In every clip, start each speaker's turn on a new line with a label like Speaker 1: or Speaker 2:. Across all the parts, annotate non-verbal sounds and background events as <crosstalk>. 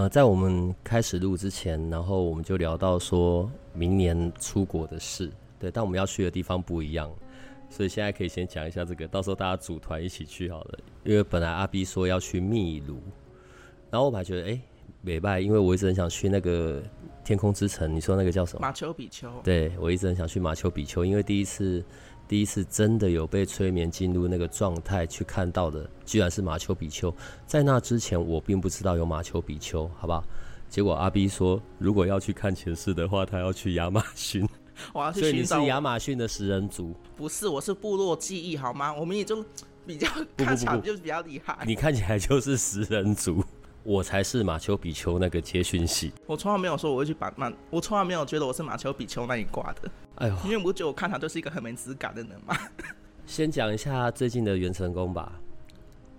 Speaker 1: 呃，在我們開始錄之前，然後我們就聊到說，明年出國的事，對，但我們要去的地方不一樣，所以現在可以先講一下這個，到時候大家組團一起去好了。因為本來阿 B 說要去秘魯，然後我還覺得，誒、欸，美拜，因為我一直很想去那個天空之城，你說那個叫什麼？馬
Speaker 2: 丘比丘。對，
Speaker 1: 我一直很想去馬丘比丘，因為第一次。第一次真的有被催眠進入那個狀態去看到的，居然是馬丘比丘。在那之前，我並不知道有馬丘比丘，好不好？結果阿 B 說，如果要去看前世的話，他要去亞馬遜。我要去尋找。所以你是亞馬遜的食人族？
Speaker 2: 不是，我是部落記憶，好嗎？我們也就比較看起來就是比較厲
Speaker 1: 害。 <laughs> 你看起來就是食人族。我才是馬丘比丘那個接訊息，
Speaker 2: 我從來沒有說我會去把那，我從來沒有覺得我是馬丘比丘那一掛的。哎呦，因為我覺得我看他就是一個很沒質感的人嘛。哎、
Speaker 1: 先講一下最近的元辰宮吧，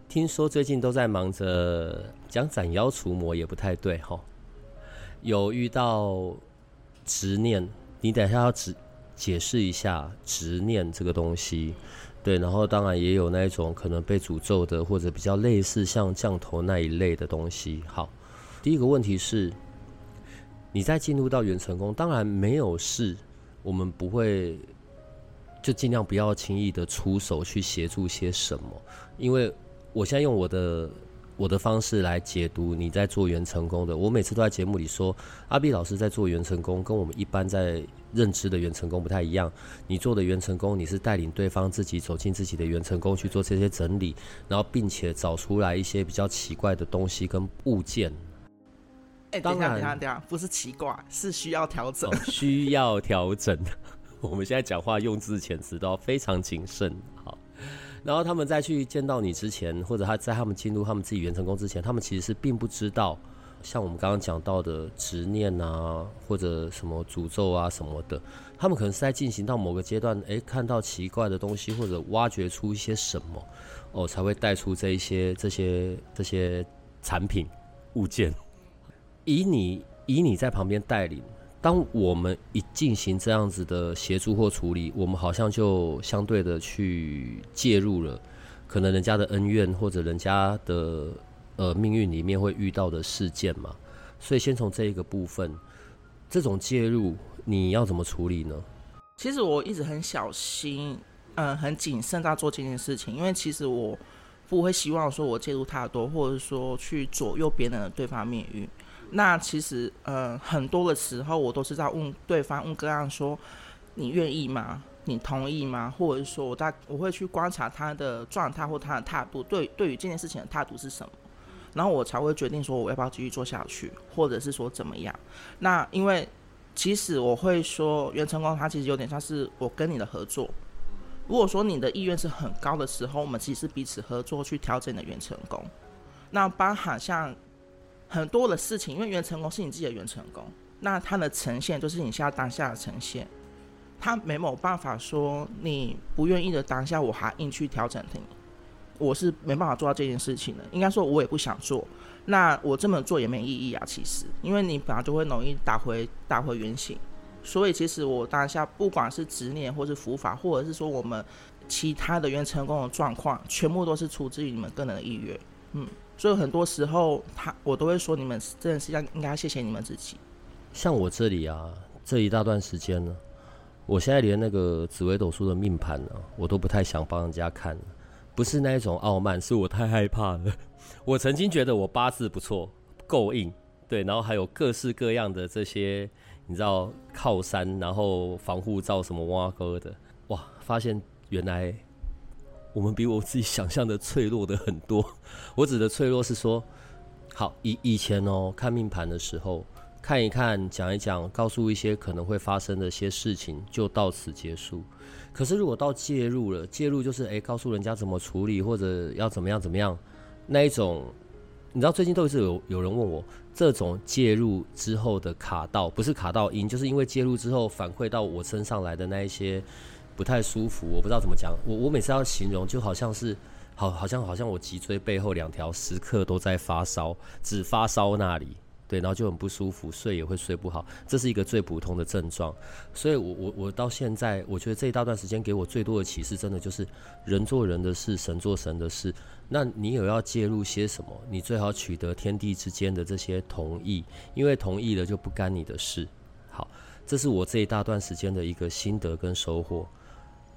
Speaker 1: 聽說最近都在忙着講斬妖除魔，也不太對吼，有遇到執念，你等一下要執解釋一下執念這個東西。對，然後當然也有那一種可能被詛咒的，或者比較類似像降頭那一類的東西。好，第一個問題是，你在進入到元辰宮，當然沒有事，我們不會就盡量不要輕易的出手去協助些什麼，因為我現在用我的我的方式來解讀你在做元辰宮的，我每次都在節目裡說，阿 B 老師在做元辰宮，跟我們一般在。認知的元辰宮不太一樣，你做的元辰宮，你是帶領對方自己走進自己的元辰宮去做這些整理，然後並且找出來一些比較奇怪的東西跟物件。
Speaker 2: 哎，等下等下等下，不是奇怪，
Speaker 1: 是需要調整，需要調整。我們現在講話用字遣詞都非常謹慎。好，然後他們再去見到你之前，或者他在他們進入他們自己元辰宮之前，他們其實是並不知道，像我們剛剛講到的執念啊，或者什麼詛咒啊什麼的，他們可能是在進行到某個階段，誒，看到奇怪的東西，或者挖掘出一些什麼，哦，才會帶出這一些這些這些產品物件。 <laughs> 以你以你在旁邊帶領，當我們一進行這樣子的協助或處理，我們好像就相對的去介入了，可能人家的恩怨或者人家的。呃，命運裡面會遇到的事件嘛，所以先從這一個部分，這種介入你要怎麼處理呢？
Speaker 2: 其實我一直很小心，嗯、呃，很謹慎在做這件事情，因為其實我不會希望說我介入太多，或者說去左右別人的對方命運。那其實呃，很多的時候我都是在問對方問個案，說你願意嗎？你同意嗎？或者是說我在我會去觀察他的狀態或他的態度，對，對於這件事情的態度是什麼？然後我才會決定說我要不要繼續做下去，或者是說怎麼樣。那因為，其實我會說，元辰宮他其實有點像是我跟你的合作。如果說你的意願是很高的時候，我們其實是彼此合作去調整的元辰宮。那包含像很多的事情，因為元辰宮是你自己的元辰宮，那它的呈現就是你現在當下的呈現，他沒有辦法說你不願意的當下我還硬去調整你。我是沒辦法做到這件事情的。應該說，我也不想做，那我這麼做也沒意義啊。其實，因為你本來就會容易打回打回原形，所以其實我當下不管是執念，或是伏法，或者是說我們其他的原成功的狀況，全部都是出自於你們個人的意願。嗯，所以很多時候他我都會說，你們這件事情應該謝謝你們自己。
Speaker 1: 像我這裡啊，這一大段時間呢、啊，我現在連那個紫微斗數的命盤呢、啊，我都不太想幫人家看。不是那一種傲慢，是我太害怕了。我曾經覺得我八字不錯，夠硬，對，然後還有各式各樣的這些，你知道靠山，然後防護罩什麼挖溝的，哇！發現原來我們比我自己想象的脆弱的很多。我指的脆弱是說，好以以前哦看命盤的時候。看一看，講一講，告訴一些可能會發生的一些事情，就到此結束。可是，如果到介入了，介入就是誒、欸，告訴人家怎麼處理，或者要怎麼樣怎麼樣。那一種，你知道最近都是有有人問我，這種介入之後的卡到，不是卡到陰，就是因為介入之後反饋到我身上來的那一些不太舒服。我不知道怎麼講，我我每次要形容，就好像是好，好像好像我脊椎背後兩條時刻都在發燒，只發燒那裡。對，然後就很不舒服，睡也會睡不好，這是一個最普通的症狀。所以我，我我我到現在，我覺得這一大段時間給我最多的啟示，真的就是人做人的事，神做神的事。那你有要介入些什麼？你最好取得天地之間的這些同意，因為同意了就不干你的事。好，這是我這一大段時間的一個心得跟收穫。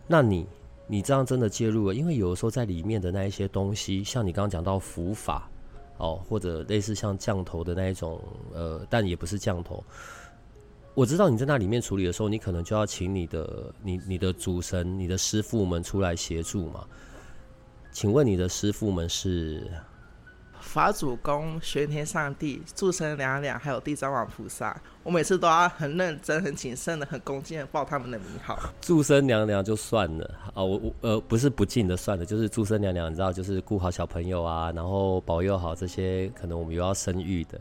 Speaker 1: 那你你這樣真的介入了？因為有的時候在裡面的那一些東西，像你剛剛講到伏法。哦，或者類似像降頭的那一種，呃，但也不是降頭。我知道你在那裡面處理的時候，你可能就要請你的、你、你的主神、你的師傅們出來協助嘛。請問你的師傅們是？
Speaker 2: 法主公、玄天上帝、註生娘娘，還有地藏王菩薩，我每次都要很認真、很謹慎的、很恭敬的報他們的名號。
Speaker 1: 註生娘娘就算了啊，我我呃不是不敬的算了，就是註生娘娘，你知道就是顧好小朋友啊，然後保佑好這些可能我們又要生育的。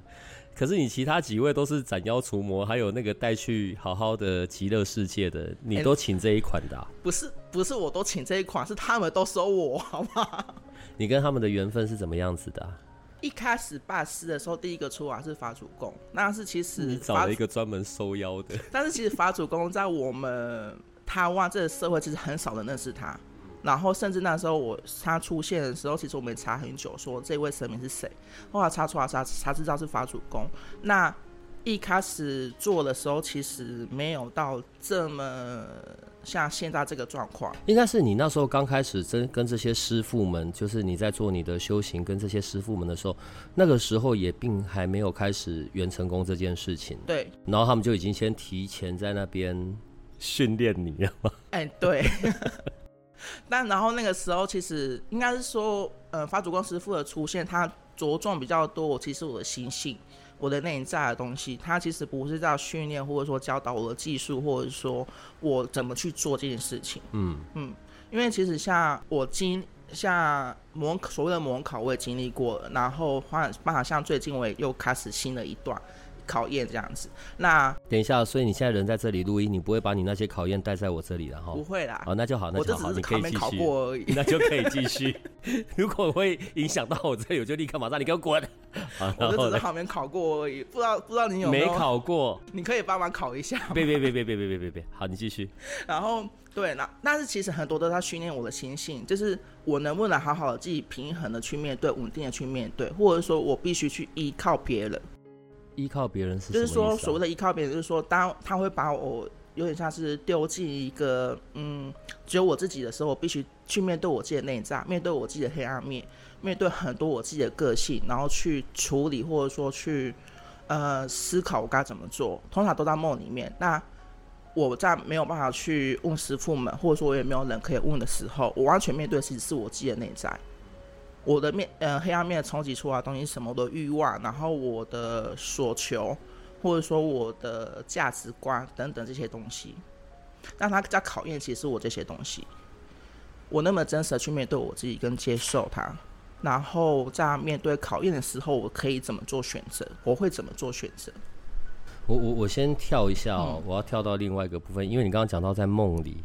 Speaker 1: 可是你其他幾位都是斬妖除魔，還有那個帶去好好的極樂世界的，你都請這一款的啊？欸，
Speaker 2: 不不是不是，我都請這一款，是他們都收我好嗎？
Speaker 1: 你跟他們的緣分是怎麼樣子的啊？
Speaker 2: 一開始拜師的時候，第一個出啊是法主公，那是其實你找了一個
Speaker 1: 專門收妖的。
Speaker 2: 但是其實法主公在我們台灣這個社會，其實很少人認識他。然後甚至那時候我他出現的時候，其實我沒查很久，說這位神明是誰。後來查出來查查知道是法主公。那一開始做的時候，其實沒有到這麼。像現在這個狀況，
Speaker 1: 應該是你那時候剛開始真跟這些師傅們，就是你在做你的修行跟這些師傅們的時候，那個時候也並還沒有開始元辰宮這件事情。對，然後他們就已經先提前在那邊訓練你，了。嗎？
Speaker 2: 哎、欸，對。 <laughs> <laughs> 但然後那個時候，其實應該是說，呃，法主公師傅的出現，他着重比較多，其實我的心性。我的內在的東西，它其實不是在訓練，或者說教導我的技術，或者是說我怎麼去做這件事情。嗯嗯，因為其實像我經，像魔所謂的魔考，我也經歷過了，然後換辦法，像最近我也又開始新的一段考驗這樣子。
Speaker 1: 那等一下，所以你現在人在這裡錄音，你不會把你那些考驗帶在我這裡，然後不會啦。哦，那就好，那就好，就只是考好你可以繼續。考過而已 <laughs> 那就可以繼續。如果會影響到我這裡，我就立刻馬上你給我滾。 <laughs> 後我就只是旁
Speaker 2: 邊考過而已，欸、不知道不知道你有沒有沒考
Speaker 1: 過，你可以幫忙考一下。別別別別別別別別，好，你繼續。 <laughs> 然後對了，
Speaker 2: 但是其實很多都在訓練我的心性，就是我能不能好好的自己平衡的去面對，穩定的去面對，或者是說我必須去依靠別人。
Speaker 1: 依靠別人
Speaker 2: 是、啊、就是說所謂的依靠別人，就是說當他會把我有點像是丟進一個嗯只有我自己的時候，我必須去面對我自己的內在，面對我自己的黑暗面。面對很多我自己的個性，然後去處理或者說去，呃，思考我該怎麼做，通常都在夢裡面。那我在沒有辦法去問師傅們，或者說我也沒有人可以問的時候，我完全面對其實是我自己的內在，我的面呃黑暗面衝擊出來的東西，什麼的欲望，然後我的所求，或者說我的價值觀等等這些東西，但他在考驗其實是我這些東西，我那麼真實的去面對我自己跟接受它。然後在面對考驗的時候，我可以怎麼做選擇？我會怎麼做選擇？
Speaker 1: 我我我先跳一下哦，嗯、我要跳到另外一個部分，因為你剛剛講到在夢裡，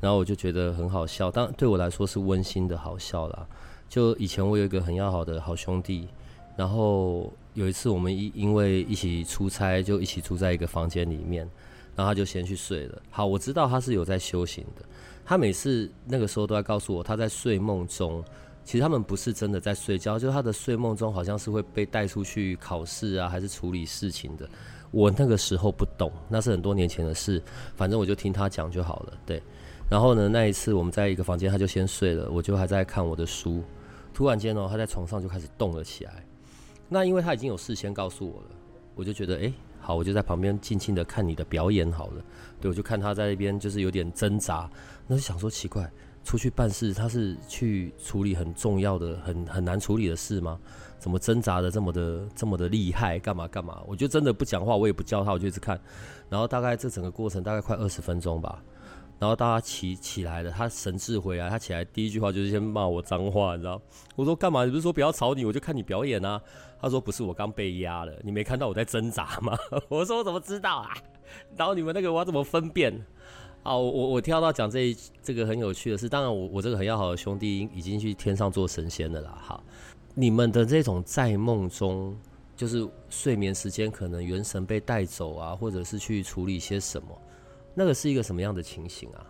Speaker 1: 然後我就覺得很好笑。當對我來說是溫馨的好笑啦。就以前我有一個很要好的好兄弟，然後有一次我們因因為一起出差，就一起住在一個房間裡面，然後他就先去睡了。好，我知道他是有在修行的。他每次那個時候都在告訴我，他在睡夢中。其實他們不是真的在睡覺，就是他的睡夢中好像是會被帶出去考試啊，還是處理事情的。我那個時候不懂，那是很多年前的事，反正我就聽他講就好了。對，然後呢，那一次我們在一個房間，他就先睡了，我就還在看我的書。突然間呢，他在床上就開始動了起來。那因為他已經有事先告訴我了，我就覺得，誒，好，我就在旁邊靜靜的看你的表演好了。對，我就看他在那邊就是有點掙扎，那就想說奇怪，出去辦事，他是去處理很重要的、很很難處理的事嗎？怎麼掙扎得這麼的、這麼的厲害？幹嘛幹嘛？我就真的不講話，我也不叫他，我就一直看。然後大概這整個過程大概快二十分鐘吧。然後大家起起來了，他神智回來、啊，他起來第一句話就是先罵我髒話，你知道？我說幹嘛？你不是說不要吵你，我就看你表演啊？他說不是，我剛被壓了，你沒看到我在掙扎嗎？ <laughs> 我說我怎麼知道啊？然後你們那個我要怎麼分辨？哦，我我聽到講這一這個很有趣的是，當然我我這個很要好的兄弟已經去天上做神仙了啦。哈，你們的這種在夢中，就是睡眠時間可能元神被帶走啊，或者是去處理些什麼，那個是一個什麼樣的情形啊？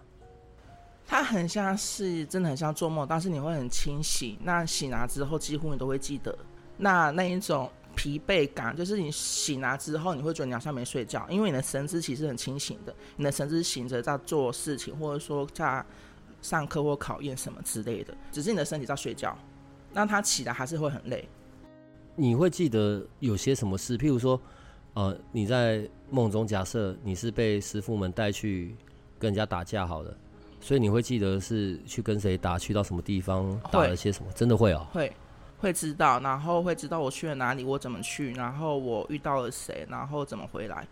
Speaker 2: 它很像是，真的很像做夢，但是你會很清醒。那醒來之後，幾乎你都會記得。那那一種，疲憊感就是你醒了之後，你會覺得你好像沒睡覺，因為你的神智其實很清醒的，你的神智醒着在做事情，或者說在上課或考驗什麼之類的，只是你的身體在睡覺，那他起來還是會很累。
Speaker 1: 你會記得有些什麼事？譬如說，呃，你在夢中假設你是被師父們帶去跟人家打架好了，所以你會記得是去跟誰打，去到什麼地方打了些什麼？會真的會哦、喔，
Speaker 2: 會。會知道，然後會知道我去了哪裡，我怎麼去，然後我遇到了誰，然後怎麼回來，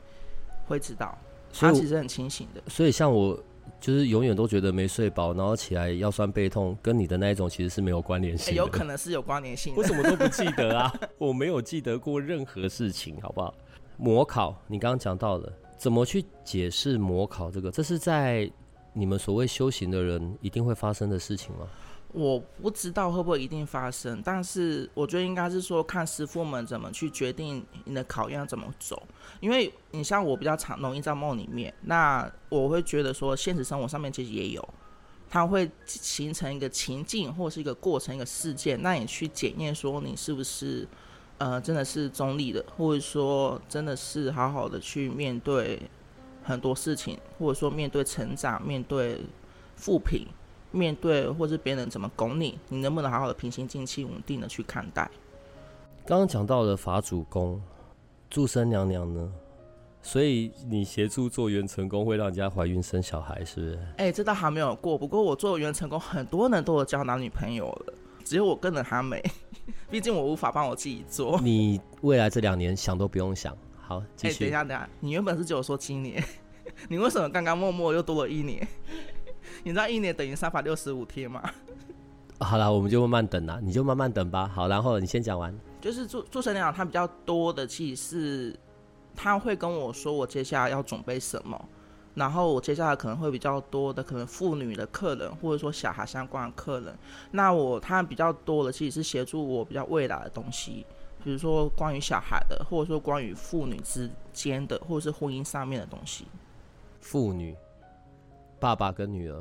Speaker 2: 會知道。
Speaker 1: 他其實很清醒的。所以，所以像我，就是永遠都覺得沒睡飽，然後起來腰酸背痛，跟你的那一種其實是沒有關聯性。欸，有可
Speaker 2: 能是有關聯性的。 <laughs> 我什麼都
Speaker 1: 不記得啊，我沒有記得過任何事情，好不好？魔考，你剛剛講到的，怎麼去解釋魔考這個？這是在你們所謂修行的人一定會發生的事情嗎？
Speaker 2: 我不知道會不會一定發生，但是我覺得應該是說，看師父們怎麼去決定你的考驗要怎麼走。因為你像我比較常容易在夢裡面，那我會覺得說，現實生活上面其實也有，它會形成一個情境，或者是一個過程，一個事件。那你去檢驗說，你是不是呃真的是中立的，或者說真的是好好的去面對很多事情，或者說面對成長，面對負評。面對或是別人怎麼拱你，你能不能好好的平心靜氣、穩定的去看待？
Speaker 1: 剛剛講到了法主公、註生娘娘呢，所以你協助做元辰宮會讓人家懷孕生小孩，是不
Speaker 2: 是？哎、欸，這倒還沒有過。不過我做元辰宮，很多人都有交男女朋友了，只有我跟着他沒。畢竟我無法幫我自己
Speaker 1: 做。你未來這兩年想都不用想。好，繼續。哎、欸，等一
Speaker 2: 下，等一下，你原本是只有說今年，你為什麼剛剛默默又多了一年？你知道一年等於三百六十五天嗎？
Speaker 1: <laughs> 好啦，我們就慢慢等啦，你就慢慢等吧。好，然後你先講完。
Speaker 2: 就是註生娘娘。他比較多的其實是他會跟我說，我接下來要準備什麼，然後我接下來可能會比較多的可能婦女的客人，或者說小孩相關的客人。那我他比較多的其實是協助我比較未來的東西，比如說關於小孩的，或者說關於婦女之間的，或者是婚姻上面的東西。
Speaker 1: 婦女。爸爸跟女兒，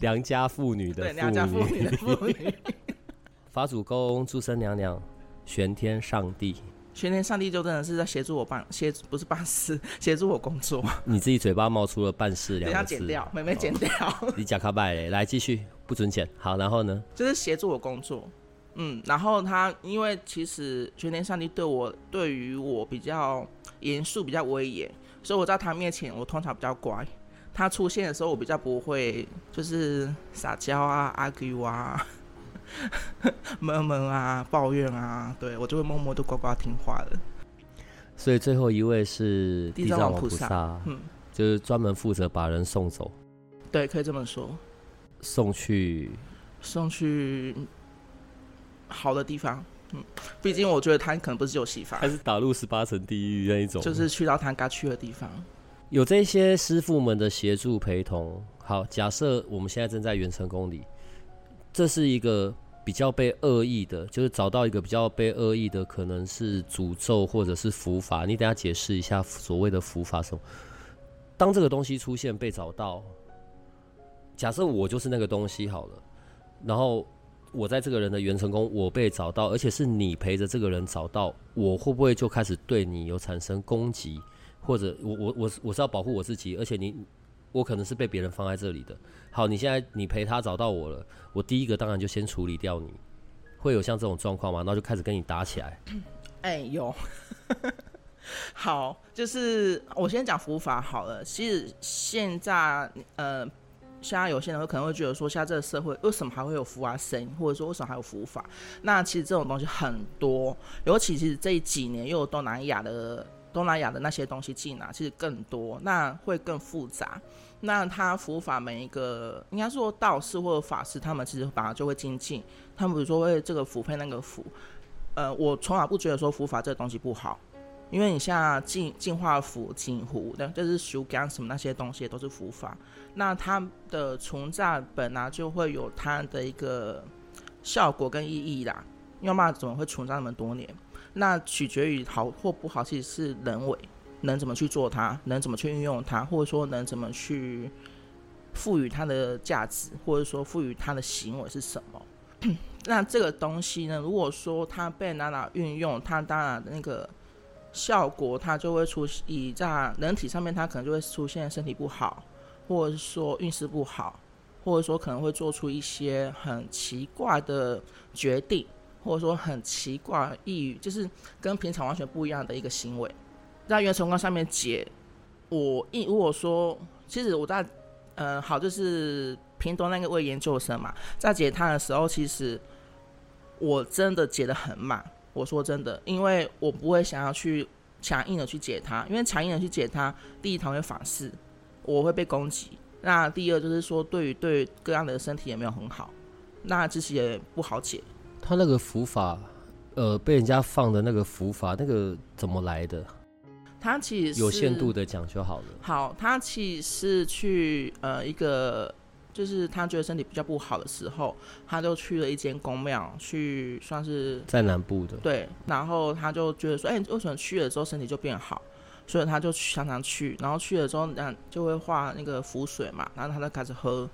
Speaker 1: 良家婦女的父女，良家婦女婦女。 <laughs> 法主公、註生娘娘、玄天上帝、
Speaker 2: 玄天上帝就真的是在協助我辦協，不是辦事，協
Speaker 1: 助我工作。你，你自己嘴巴冒出了辦事兩字，等下剪掉，
Speaker 2: 妹妹剪掉。
Speaker 1: 哦、 <laughs> 你假卡擺，來繼續，不准剪。好，然後呢？
Speaker 2: 就是協助我工作。嗯，然後他因為其實玄天上帝對我對於我比較嚴肅，比較威嚴，所以我在他面前我通常比較乖。他出現的時候，我比較不會，就是撒嬌啊、阿 Q 啊、悶悶啊、抱怨啊，對，我就會默默的乖乖聽話了。
Speaker 1: 所以最後一位是地藏王菩薩，菩薩嗯，就是專門負責把人送走。
Speaker 2: 對，可以這麼說。
Speaker 1: 送去。
Speaker 2: 送去好的地方，嗯，畢竟我覺得他可能不是有喜法，他是
Speaker 1: 打入十八層地獄那一種，就是
Speaker 2: 去到他該去的地方。
Speaker 1: 有這些師傅們的協助陪同，好，假設我們現在正在元辰宮裡，這是一個比較被惡意的，就是找到一個比較被惡意的，可能是詛咒或者是符法。你等一下解釋一下所謂的符法是什麼？當這個東西出現被找到，假設我就是那個東西好了，然後我在這個人的元辰宮，我被找到，而且是你陪着這個人找到，我會不會就開始對你有產生攻擊？或者我我我我是要保護我自己，而且你我可能是被別人放在這裡的。好，你現在你陪他找到我了，我第一個當然就先處理掉你。會有像這種狀況嗎？然後就開始跟你打起來？哎、
Speaker 2: 欸，有。 <laughs> 好，就是我先講符法好了。其實現在呃，現在有些人會可能會覺得說，現在這個社會為什麼還會有符啊神，或者說為什麼還有符法？那其實這種東西很多，尤其其實這幾年又有東南亞的。東南亞的那些東西進來、啊、其實更多，那會更複雜。那他符法每一個，應該說道士或者法師，他們其實本來就會精進，他們比如說為這個符配那個符，呃，我從來不覺得說符法這個東西不好，因為你像淨淨化符、淨符，的，就是修肝什麼那些東西，都是符法。那它的存在本來、啊、就會有它的一個效果跟意義啦，要不然怎麼會存在那麼多年？那取決於好或不好，其實是人為，能怎麼去做它，能怎麼去運用它，或者說能怎麼去賦予它的價值，或者說賦予它的行為是什麼。 <coughs> 那這個東西呢，如果說它被拿來運用，它當然那個效果，它就會出現在人體上面，它可能就會出現身體不好，或者說運勢不好，或者說可能會做出一些很奇怪的決定。或者說很奇怪、抑鬱，就是跟平常完全不一樣的一個行為。在元辰宮上面解，我一如果說，其實我在，嗯、呃、好，就是屏東那個位研究生嘛，在解他的時候，其實我真的解得很慢。我說真的，因為我不會想要去強硬的去解他，因為強硬的去解他，第一他會反噬，我會被攻擊；那第二就是說，對於對各樣的身體也沒有很好，那其實也不好解。
Speaker 1: 他那個符法，呃，被人家放的那個符法，那個怎麼來的？
Speaker 2: 他其實有限度的
Speaker 1: 講就好了。
Speaker 2: 好，他其實是去呃一個，就是他覺得身體比較不好的時候，他就去了一間宮廟，去算是
Speaker 1: 在南部的。
Speaker 2: 對，然後他就覺得說，哎、欸，為什麼去了之後身體就變好？所以他就常常去，然後去了之後，然後就會畫那個符水嘛，然後他就開始喝。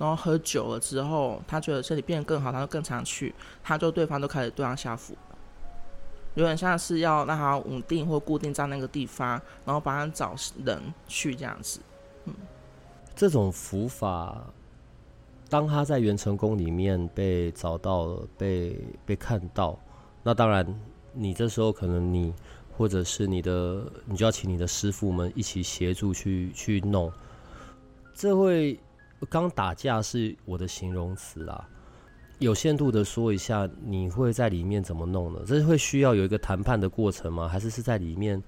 Speaker 2: 然後喝酒了之後，他覺得這裡變得更好，他就更常去。他就對方都開始對他下符，有點像是要讓他穩定或固定在那個地方，然後幫他找人去這樣子。
Speaker 1: 嗯，這種符法，當他在元辰宮裡面被找到了，被被看到，那當然，你這時候可能你或者是你的，你就要請你的師父們一起協助去去弄，這會。剛打架是我的形容詞啊，有限度的說一下，你會在裡面怎麼弄呢？這是會需要有一個談判的過程嗎？還是是在裡面，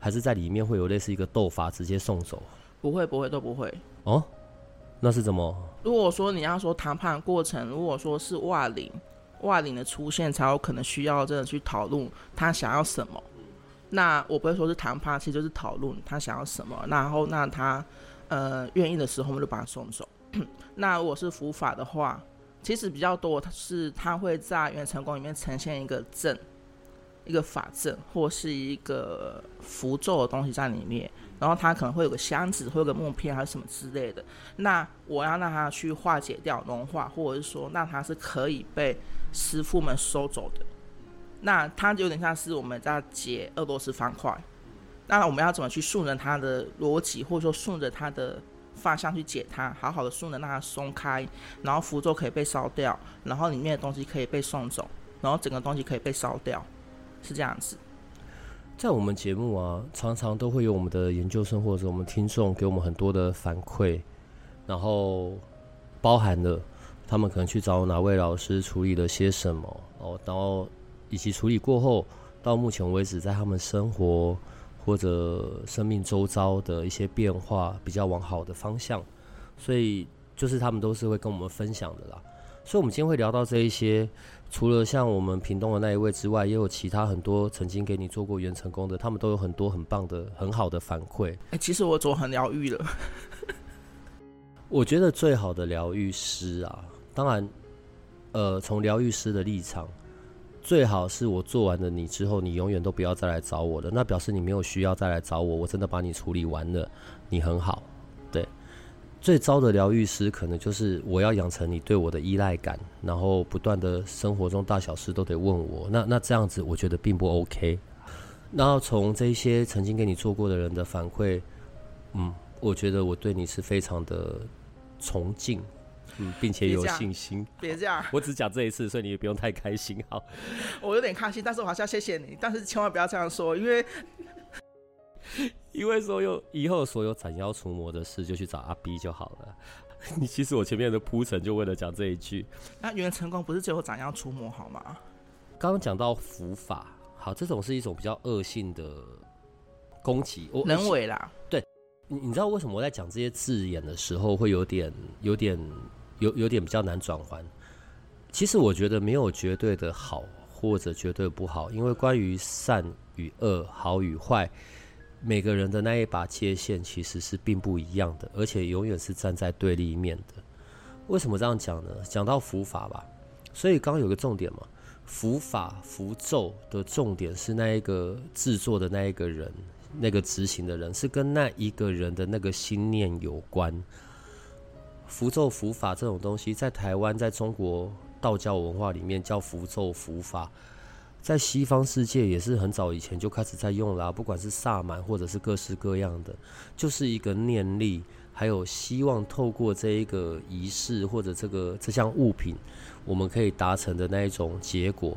Speaker 1: 還是在裡面會有類似一個鬥法，直接送走？
Speaker 2: 不會，不會，都不會。
Speaker 1: 哦，那是怎麼？
Speaker 2: 如果說你要說談判過程，如果說是外靈，外靈的出現才有可能需要真的去討論他想要什麼。那我不會說是談判，其實就是討論他想要什麼。然後，那他呃願意的時候，我們就把他送走。那如果是伏法的話，其實比較多，它是它會在元辰宮裡面呈現一個陣，一個法陣或是一個符咒的東西在裡面。然後它可能會有個箱子會有個木片還是什麼之類的。那我要讓它去化解掉、融化，或者是說，那它是可以被師傅們收走的。那它有點像是我們在解俄羅斯方塊。那我們要怎麼去順着它的邏輯，或者說順着它的？髮相去解它，好好的順着讓它鬆開，然後符咒可以被燒掉，然後裡面的東西可以被送走，然後整個東西可以被燒掉，是這樣子。
Speaker 1: 在我們節目啊，常常都會有我們的研究生或者我們聽眾給我們很多的反饋，然後包含了他們可能去找哪位老師處理了些什麼哦，然後以及處理過後到目前為止在他們生活。或者生命周遭的一些變化比較往好的方向，所以就是他們都是會跟我們分享的啦。所以我們今天會聊到這一些，除了像我們屏東的那一位之外，也有其他很多曾經給你做過元辰宮的，他們都有很多很棒的、很好的反饋。
Speaker 2: 哎，其實我做很療癒了。
Speaker 1: 我覺得最好的療癒師啊，當然，呃，從療癒師的立場。最好是我做完了你之後，你永遠都不要再來找我了。那表示你沒有需要再來找我，我真的把你處理完了，你很好。對，最糟的療癒師可能就是我要養成你對我的依賴感，然後不斷的生活中大小事都得問我。那那這樣子我覺得並不 OK。那從這些曾經跟你做過的人的反饋，嗯，我覺得我對你是非常的崇敬。嗯，並且有信心。別這樣，這樣我只講這一次，所以你也不用太開心。好，
Speaker 2: 我有點開心，但是我還是要謝謝你。但是千萬不要這樣說，因為
Speaker 1: 因為所有以後所有斬妖除魔的事，就去找阿 B 就好了。你其實我前面的鋪陳，就為了講這一句。
Speaker 2: 那原成功不是最後斬妖除魔好嗎？
Speaker 1: 剛剛講到伏法，好，這種是一種比較惡性的攻擊，我人為啦。對，你你知道為什麼我在講這些字眼的時候，會有點有點？有有點比較難轉換。其實我覺得沒有絕對的好或者絕對不好，因為關於善與惡、好與壞，每個人的那一把界限其實是並不一樣的，而且永遠是站在對立面的。為什麼這樣講呢？講到符法吧，所以剛剛有個重點嘛，符法符咒的重點是那一個製作的那一個人，那個執行的人是跟那一個人的那個心念有關。符咒符法這種東西，在台灣、在中國道教文化裡面叫符咒符法，在西方世界也是很早以前就開始在用啦啊，不管是薩滿或者是各式各樣的，就是一個念力，還有希望透過這一個儀式或者這個這項物品，我們可以達成的那一種結果。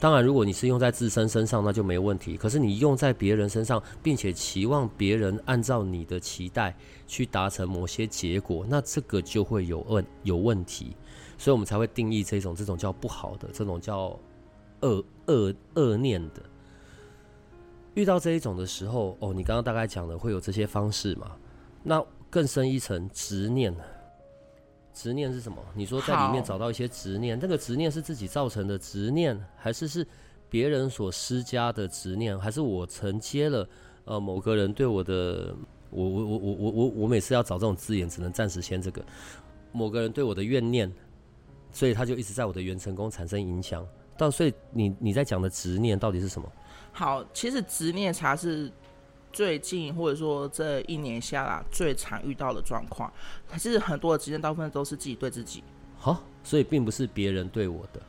Speaker 1: 當然，如果你是用在自身身上，那就沒問題。可是你用在別人身上，並且期望別人按照你的期待去達成某些結果，那這個就會有問有問題。所以我們才會定義這種，這種叫不好的，這種叫惡惡惡念的。遇到這一種的時候，哦，你剛剛大概講的會有這些方式嘛？那更深一層，執念。執念是什麼？你說在裡面找到一些執念，好那個執念是自己造成的執念，還是是別人所施加的執念，還是我承接了呃某個人對我的，我我我我我我每次要找這種字眼，只能暫時先這個，某個人對我的怨念，所以他就一直在我的元辰宮產生影響。但所以你你在講的執念到底是什麼？
Speaker 2: 好，其實執念茶是。最近或者說這一年下來最常遇到的狀況，其實很多的執念，大部分都是自己對自己。
Speaker 1: 好、哦，所以並不是別人對我的，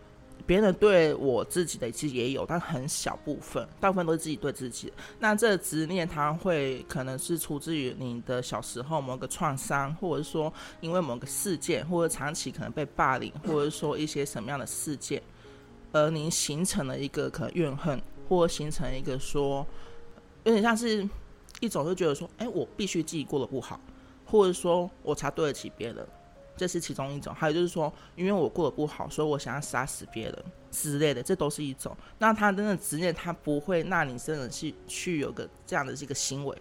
Speaker 2: 別人對我自己的其實也有，但很小部分，大部分都是自己對自己。那這執念，它會可能是出自於你的小時候某個創傷，或者說因為某個事件，或者長期可能被霸凌，或者說一些什麼樣的事件，而您形成了一個可能怨恨，或者形成一個說。有點像是，一種就覺得說，誒、欸，我必須自己過得不好，或者說，我才對得起別人，這是其中一種。還有就是說，因為我過得不好，所以我想要殺死別人之類的，這都是一種。那他真的執念，他不會，那你真的是去去有個這樣的這個行為，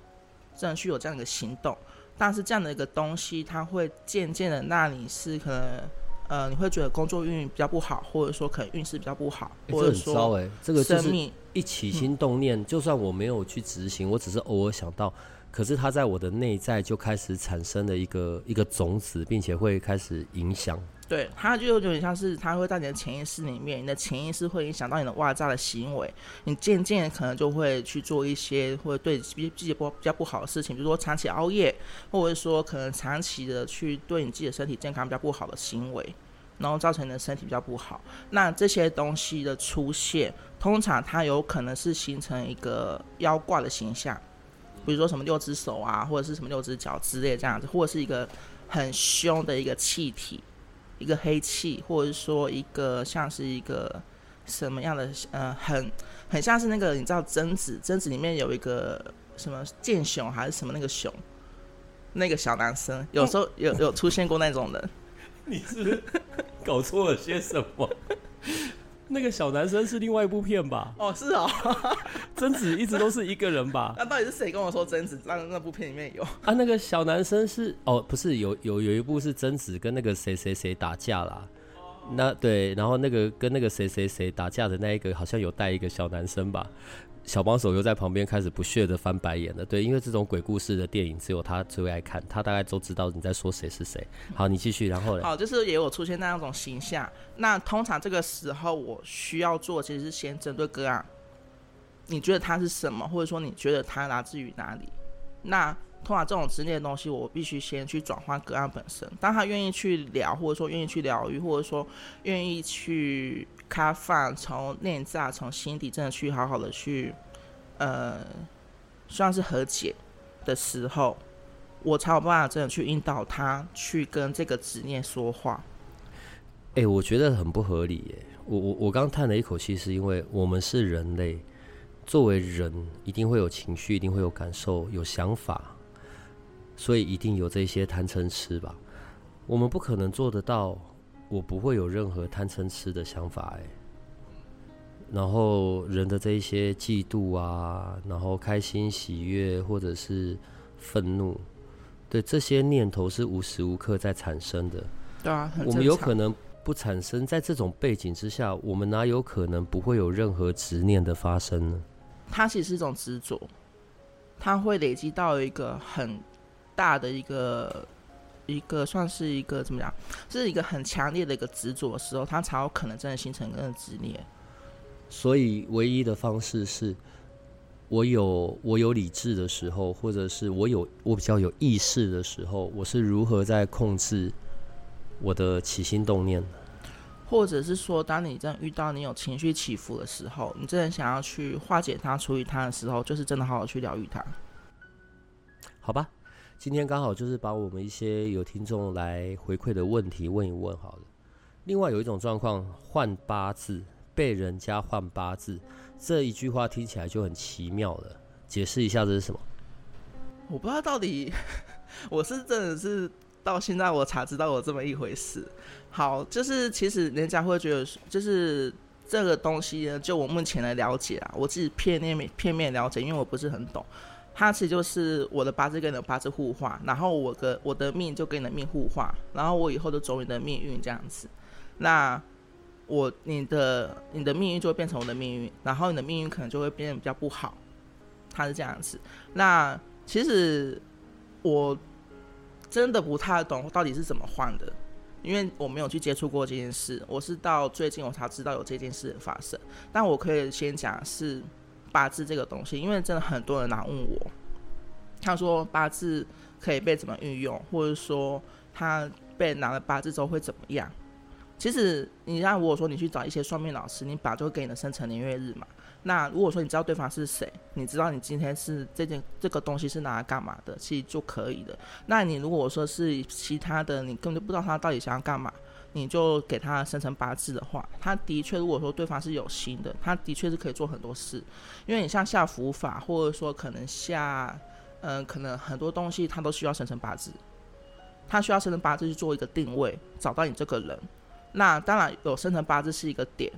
Speaker 2: 真的去有這樣的一個行動。但是這樣的一個東西，他會漸漸的，那你是可能，呃，你會覺得工作運比較不好，或者說可能運勢比較不好，或者說、欸，這很糟欸，、欸、說這個生命、就是。
Speaker 1: 一起心動念，嗯，就算我沒有去執行，我只是偶爾想到，可是它在我的內在就開始產生了一個一個種子，並且會開始影響。
Speaker 2: 對，它就有點像是它會在你的潛意識裡面，你的潛意識會影響到你的外在的行為。你漸漸可能就會去做一些會對自己比較比較不好的事情，比如說長期熬夜，或者說可能長期的去對你自己的身體健康比較不好的行為。然後造成你的身體比較不好。那這些東西的出現，通常它有可能是形成一個妖怪的形象，比如說什麼六隻手啊，或者是什麼六隻腳之類的這樣子，或者是一個很凶的一個氣體，一個黑氣，或者是說一個像是一個什麼樣的，呃，很，很像是那個，你知道貞子，貞子裡面有一個什麼劍雄還是什麼那個熊，那個小男生，有時候有有出現過那種人。
Speaker 1: 你是不是搞錯了些什麼？ <laughs> 那個小男生是另外一部片吧？哦，是啊，哦，貞 <laughs> 子一直都是一個人吧？
Speaker 2: 那，啊，到底是誰跟我說貞子那那部片裡面有
Speaker 1: 啊？那個小男生是哦，不是有有有，有一部是貞子跟那個誰誰誰打架啦。哦，那對，然後那個跟那個誰誰誰打架的那一個好像有帶一個小男生吧？小幫手又在旁邊開始不屑的翻白眼了。對，因為這種鬼故事的電影只有他最愛看，他大概都知道你在說誰是誰。好，你繼續。然後，
Speaker 2: 好，就是也有出現那樣一種形象。那通常這個時候我需要做，其實是先針對個案，你覺得他是什麼，或者說你覺得他來自於哪裡？那。通常這種執念的東西，我必須先去轉換個案本身。當他願意去聊，或者說願意去療癒，或者說願意去開放，從內在、從心底真的去好好的去，呃，算是和解的時候，我才有辦法真的去引導他去跟這個執念說話。
Speaker 1: 哎，我覺得很不合理耶！我我我剛嘆了一口氣，是因為我們是人類，作為人一定會有情緒，一定會有感受，有想法。所以一定有這些貪嗔痴吧？我們不可能做得到，我不會有任何貪嗔痴的想法哎、欸。然後人的這一些嫉妒啊，然後開心喜悅或者是憤怒，對這些念頭是無時無刻在產生的。
Speaker 2: 對啊，很正常。我們有可
Speaker 1: 能不產生，在這種背景之下，我們哪有可能不會有任何執念的發生呢？
Speaker 2: 它其實是一種執着，它會累積到一個很。大的一個，一個算是一個怎麼講？這是一個很強烈的一個執著的時候，他才有可能真的形成真的執念。
Speaker 1: 所以，唯一的方式是我有我有理智的時候，或者是我有我比較有意識的時候，我是如何在控制我的起心動念？
Speaker 2: 或者是說，當你這樣遇到你有情緒起伏的時候，你真的想要去化解它、處理它的時候，就是真的好好去療癒它。
Speaker 1: 好吧。今天剛好就是把我們一些有聽眾來回饋的問題問一問好了。另外有一種狀況，換八字，被人家換八字，這一句話聽起來就很奇妙了。解釋一下這是什麼？
Speaker 2: 我不知道到底，我是真的是到現在我才知道有這麼一回事。好，就是其實人家會覺得，就是這個東西呢，就我目前來了解啊我自己片面片面了解，因為我不是很懂。它其實就是我的八字跟你的八字互換，然後我的我的命就跟你的命互換，然後我以後就走你的命運這樣子。那我你的你的命運就會變成我的命運，然後你的命運可能就會變得比較不好。它是這樣子。那其實我真的不太懂到底是怎麼換的，因為我沒有去接觸過這件事。我是到最近我才知道有這件事發生，但我可以先講是。八字這個東西，因為真的很多人來問我，他說八字可以被怎麼運用，或者說他被拿了八字之後會怎麼樣？其實你讓我說你去找一些算命老師，你把就會給你的生辰年月日嘛。那如果說你知道對方是誰，你知道你今天是這件這個東西是拿來幹嘛的，其實就可以了。那你如果說是其他的，你根本就不知道他到底想要幹嘛。你就給他生辰八字的話，他的確如果說對方是有心的，他的確是可以做很多事，因為你像下符法，或者說可能下，嗯、呃，可能很多東西他都需要生辰八字，他需要生辰八字去做一個定位，找到你這個人。那當然有生辰八字是一個點，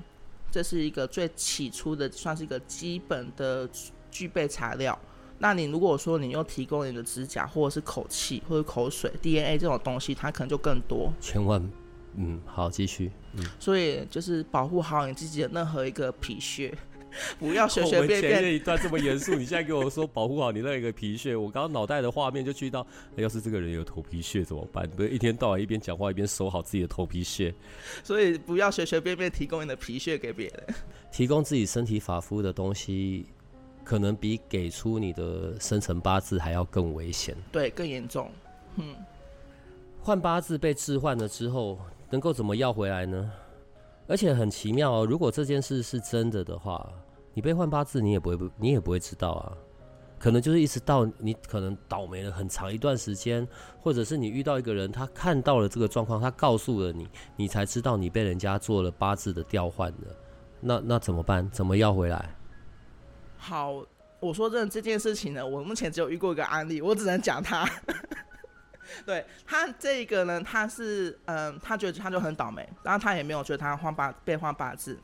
Speaker 2: 這是一個最起初的，算是一個基本的具備材料。那你如果說你又提供你的指甲或者是口氣或者口水 DNA 這種東西，它可能就更多，
Speaker 1: 千萬。嗯，好，繼續。嗯，
Speaker 2: 所以就是保護好你自己的任何一個皮屑，
Speaker 1: 不要隨隨便便。哦、我們前一段這麼嚴肅， <laughs> 你現在跟我說保護好你那一個皮屑，我剛剛腦袋的畫面就去到，欸，要是這個人有頭皮屑怎麼辦？不是一天到晚一邊講話一邊守好自己的頭皮屑，
Speaker 2: 所以不要隨隨便便提供你的皮屑給別人。
Speaker 1: 提供自己身體髮膚的東西，可能比給出你的生辰八字還要更危險。對，更嚴重。嗯，換八字被置換了之後，能夠怎麼要回來呢？而且很奇妙哦，如果這件事是真的的話，你被換八字，你也不會，你也不會知道啊。可能就是一直到你可能倒霉了很長一段時間，或者是你遇到一個人，他看到了這個狀況，他告訴了你，你才知道你被人家做了八字的調換的。那那怎麼辦？怎麼要回來？
Speaker 2: 好，我說真的，這件事情呢，我目前只有遇過一個案例，我只能講他。 <laughs> 對，他這個呢，他是嗯，他覺得他就很倒霉，然後他也沒有覺得他換八被換八字，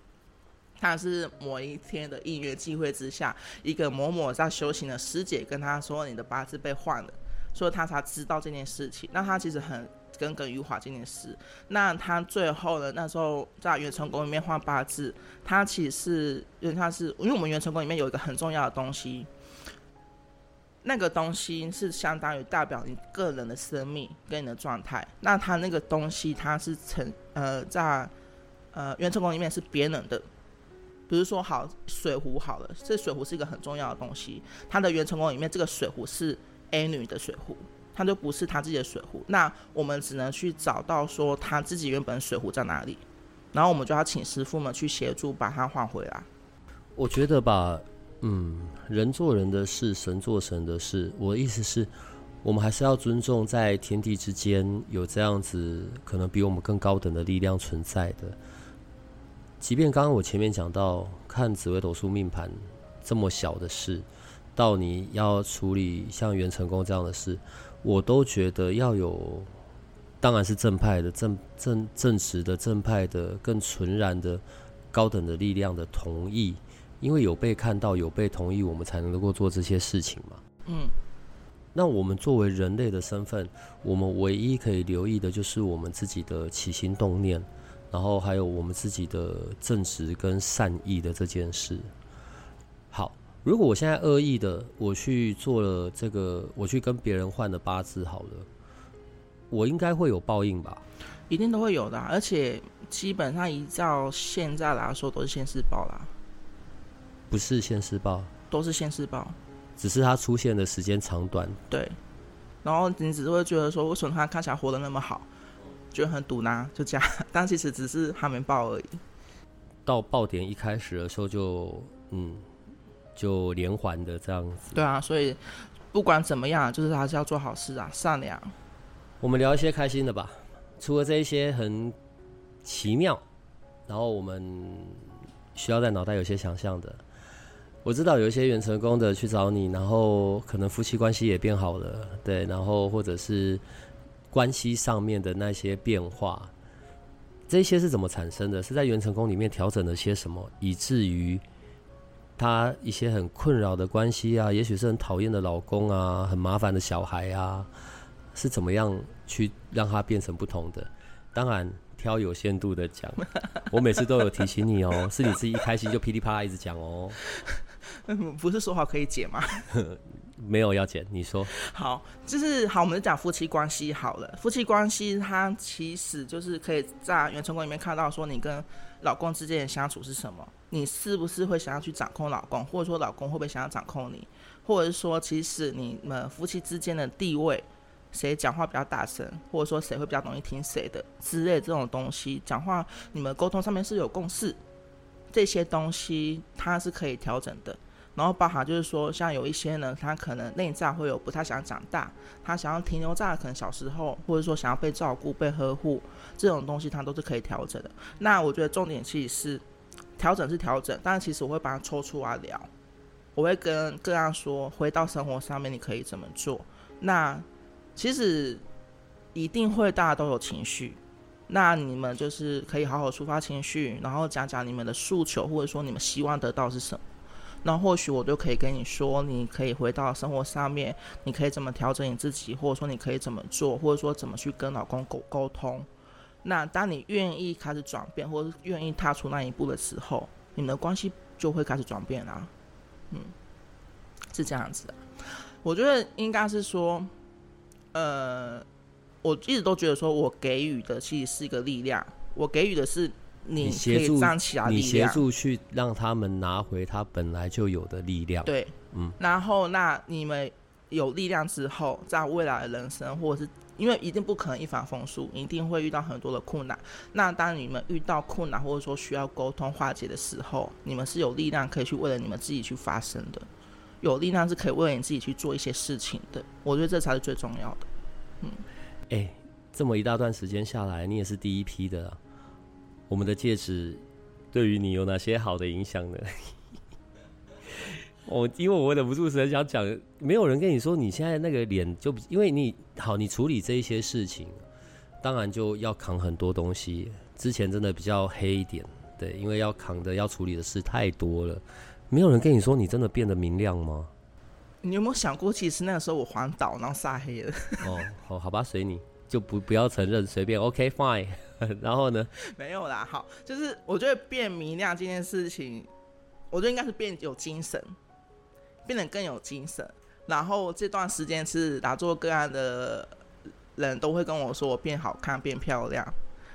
Speaker 2: 他是某一天的因緣際會之下，一個某某在修行的師姐跟他說，你的八字被換了，所以他才知道這件事情。那他其實很耿耿於懷這件事。那他最後呢，那時候在元辰宮裡面換八字，他其實因為他是因為我們元辰宮裡面有一個很重要的東西。那個東西是相當於代表你個人的生命跟你的狀態。那他那個東西，它是成呃在呃元辰宮裡面是別人的，比如說好水壺好了，這水壺是一個很重要的東西。它的元辰宮裡面，這個水壺是 A 女的水壺，它就不是他自己的水壺。那我們只能去找到說他自己原本水壺在哪裡，然後我們就要請師傅們去協助把它換回來。
Speaker 1: 我覺得吧。嗯，人做人的事，神做神的事。我的意思是，我們還是要尊重在天地之間有這樣子可能比我們更高等的力量存在的。即便剛剛我前面講到看紫微斗數命盤這麼小的事，到你要處理像袁成功這樣的事，我都覺得要有，當然是正派的、正正正直的、正派的、更純然的、高等的力量的同意。因為有被看到，有被同意，我們才能夠做這些事情嘛。嗯，那我們作為人類的身份，我們唯一可以留意的就是我們自己的起心動念，然後還有我們自己的正直跟善意的這件事。好，如果我現在惡意的我去做了這個，我去跟別人換了八字，好了，我應該會有報應吧？一定都會有的，而且
Speaker 2: 基本上依照現在來說，都是現世報啦。
Speaker 1: 不是現世報，
Speaker 2: 都是現世報，
Speaker 1: 只是它出現的時間長短。
Speaker 2: 對，然後你只是會覺得說，為什麼他看起來活得那麼好，就很堵呢？就這樣，但其
Speaker 1: 實只是還沒報而已。到爆點一開始的時候就嗯，就連環的這樣子。
Speaker 2: 對啊，所以不管怎麼樣，就是還是要做好
Speaker 1: 事啊，善良。我們聊一些開心的吧，除了這一些很奇妙，然後我們需要在腦袋有些想象的。我知道有一些元辰宮的去找你，然後可能夫妻關係也變好了，對，然後或者是關係上面的那些變化，這些是怎麼產生的？是在元辰宮裡面調整了些什麼，以至於他一些很困擾的關係啊，也許是很討厭的老公啊，很麻煩的小孩啊，是怎麼樣去讓他變成不同的？當然，挑有限度的講，我每次都有提醒你哦， <laughs> 是你自己一開心就噼裡啪啦一直講哦。
Speaker 2: 嗯、不是說好可以解嗎？
Speaker 1: 沒有要解，你說
Speaker 2: 好就是好。我們就講夫妻關係好了，夫妻關係它其實就是可以在元辰宮裡面看到，說你跟老公之間的相處是什麼？你是不是會想要去掌控老公，或者說老公會不會想要掌控你？或者是說，其實你們夫妻之間的地位，誰講話比較大聲，或者說誰會比較容易聽誰的之類的這種東西，講話你們溝通上面是有共識。這些東西它是可以調整的，然後包含就是說，像有一些人，他可能內在會有不太想長大，他想要停留在可能小時候，或者說想要被照顧、被呵護這種東西，它都是可以調整的。那我覺得重點其實是調整是調整，但是其實我會把它抽出來聊，我會跟大家說，回到生活上面你可以怎麼做。那其實一定會大家都有情緒。那你們就是可以好好抒發情緒，然後講講你們的訴求，或者說你們希望得到是什麼？那或許我就可以跟你說，你可以回到生活上面，你可以怎麼調整你自己，或者說你可以怎麼做，或者說怎麼去跟老公溝溝通。那當你願意開始轉變，或者願意踏出那一步的時候，你們的關係就會開始轉變啦。嗯，是這樣子的。我覺得應該是說，呃。我一直都覺得，說我給予的其實是一個力量，我給予的是你協助，你協助
Speaker 1: 去讓他們拿回他本來就有的力量。對，嗯。
Speaker 2: 然後，那你們有力量之後，在未來的人生，或者是因為一定不可能一帆風順，一定會遇到很多的困難。那當你們遇到困難，或者說需要溝通化解的時候，你們是有力量可以去為了你們自己去發聲的，有力量是可以為了你自己去做一些事情的。我覺得這才是最重
Speaker 1: 要的。嗯。哎、欸，這麼一大段時間下來，你也是第一批的、啊。我們的戒指對於你有哪些好的影響呢？ <laughs> 我因為我忍不住實在是很想講，沒有人跟你說你現在那個臉就因為你好，你處理這一些事情，當然就要扛很多東西。之前真的比較黑一點，對，因為要扛的要處理的事太多了。沒有人跟你說你真的變得明亮嗎？
Speaker 2: 你有沒有想過，其實那個時候我環島，然後曬黑
Speaker 1: 了。哦，好好吧，隨你，就不不要承認，隨便，OK，fine。Okay, fine <laughs> 然後呢？
Speaker 2: 沒有啦，好，就是我覺得變明亮這件事情，我覺得應該是變有精神，變得更有精神。然後這段時間是打坐個案的人，都會跟我說我變好看，變漂亮。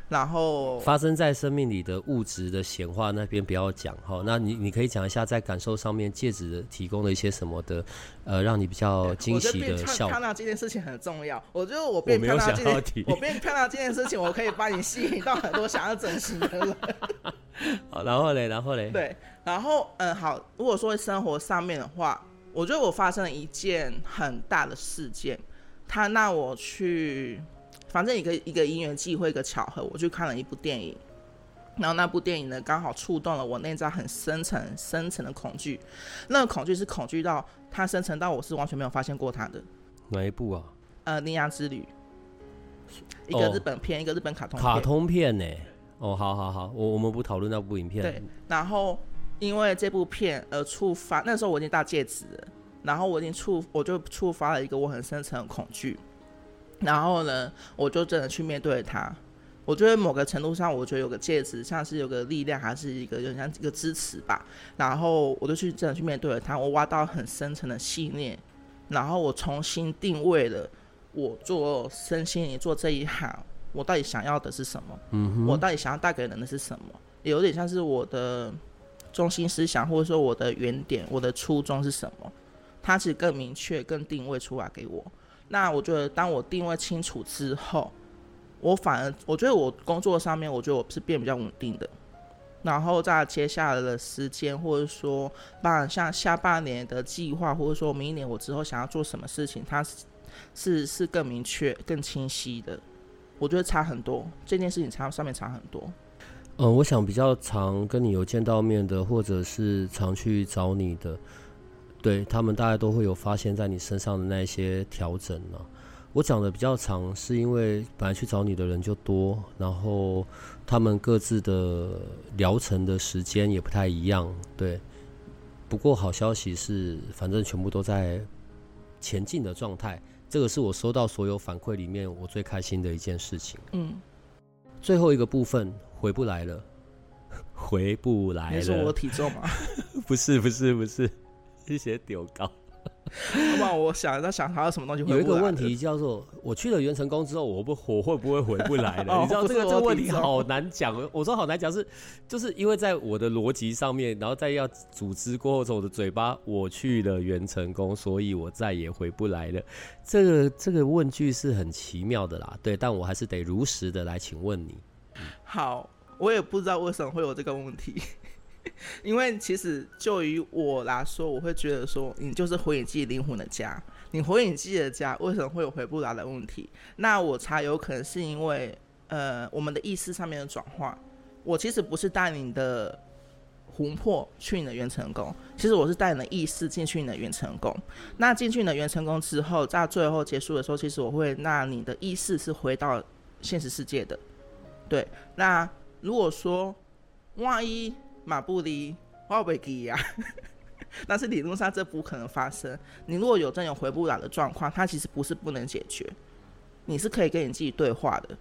Speaker 2: 然後發
Speaker 1: 生在生命裡的物質的顯化那邊不要講哈，那你你可以講一下在感受上面戒指的提供了一些什麼的，嗯、呃，讓你比較驚喜的效果。我看
Speaker 2: 到這件事情很重要，我覺得我變看到這件，我變看到這件事情，我可以把你吸引到很多想要整形的人。
Speaker 1: <laughs> 好，然後嘞，然後嘞，對，
Speaker 2: 然後嗯，好，如果說生活上面的話，我覺得我發生了一件很大的事件，它讓我去。反正一個一個因緣際會，一個巧合，我去看了一部電影，然後那部電影呢，剛好觸動了我內在很深層、深層的恐懼，那個恐懼是恐懼到它深層到我是完全沒有發現過它的。
Speaker 1: 哪一部啊？
Speaker 2: 呃，《鈴芽之旅》
Speaker 1: 一個日本
Speaker 2: 片，哦、一個日本卡通片卡
Speaker 1: 通片呢、欸。哦，好好好，我我們不討論那部影片。對，
Speaker 2: 然後因為這部片而觸發，那個、時候我已經戴戒指，然後我已經觸我就觸發了一個我很深層的恐懼。然後呢，我就真的去面對了他。我覺得某個程度上，我覺得有個戒指像是有個力量，還是一個有點像一個支持吧。然後我就去真的去面對了他。我挖到很深層的信念，然後我重新定位了我做身心靈做這一行，我到底想要的是什麼？嗯哼，我到底想要帶給人的是什麼？有點像是我的中心思想，或者說我的原點，我的初衷是什麼？它其實更明確、更定位出來給我。那我覺得，當我定位清楚之後，我反而我覺得我工作上面，我覺得我是變比較穩定的。然後在接下來的時間，或者說，當然像下半年的計劃，或者說明年我之後想要做什麼事情，它是是是更明確、更清晰的。我覺得差很多，這件事情差上面差很多。
Speaker 1: 嗯，我想比較常跟你有見到面的，或者是常去找你的。對他們，大概都會有發現在你身上的那些調整呢、啊。我講的比較長，是因為本來去找你的人就多，然後他們各自的療程的時間也不太一樣。對，不過好消息是，反正全部都在前進的狀態。這個是我收到所有反饋裡面我最開心的一件事情。嗯，最後一個部分回不來了，回不來了。你 <laughs> 說我體
Speaker 2: 重嗎？
Speaker 1: <laughs> 不是，不是，不是。 <laughs> 一些屌高。那我想在想還有什麼東西。有一個問題叫做：我去了元辰宮之後，我不，我會不會回不來了？你知道這個這個問題好難講。我說好難講是，就是因為在我的邏輯上面，然後再要組織過後，從我的嘴巴，我去了元辰宮，所以我再也回不來了。這個這個問句是很奇妙的啦，對，但我還是得如實的來請問你、嗯。
Speaker 2: 好，我也不知道為什麼會有這個問題。 <laughs> 因為其實就於我來說，我會覺得說，你就是回你自己靈魂的家，你回你自己的家為什麼會有回不來的問題？那我才有可能是因為，呃，我們的意識上面的轉化。我其實不是帶你的魂魄去你的元辰宮，其實我是帶你的意識進去你的元辰宮。那進去你的元辰宮之後，在最後結束的時候，其實我會讓你的意識是回到現實世界的。對，那如果說萬一。馬布里，我有被給呀， <laughs> 但是理論上這不可能發生。你如果有這種回不了的狀況，它其實不是不能解決，你是可以跟你自己對話的，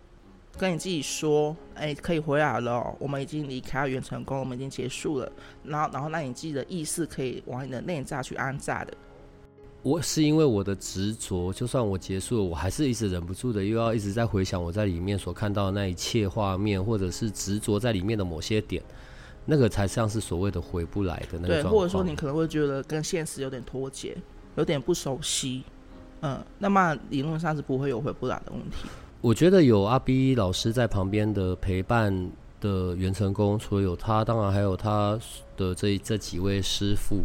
Speaker 2: 跟你自己說：“哎、欸，可以回來了，我們已經離開元辰宮，我們已經結束了。”然後，然後，那你自己的意識可以往你的內在去安扎的。
Speaker 1: 我是因為我的執着，就算我結束了，我還是一直忍不住的，又要一直在回想我在裡面所看到的那一切畫面，或者是執着在裡面的某些點。那個才像是所謂的回不來的那個狀況。對，或者說你
Speaker 2: 可能會覺得跟現實有點脫節，有點不熟悉，嗯，那麼理論上是不會有回不來的問題。
Speaker 1: 我覺得有阿 B 老師在旁邊的陪伴的元辰宮，除了有他，當然還有他的這這幾位師傅，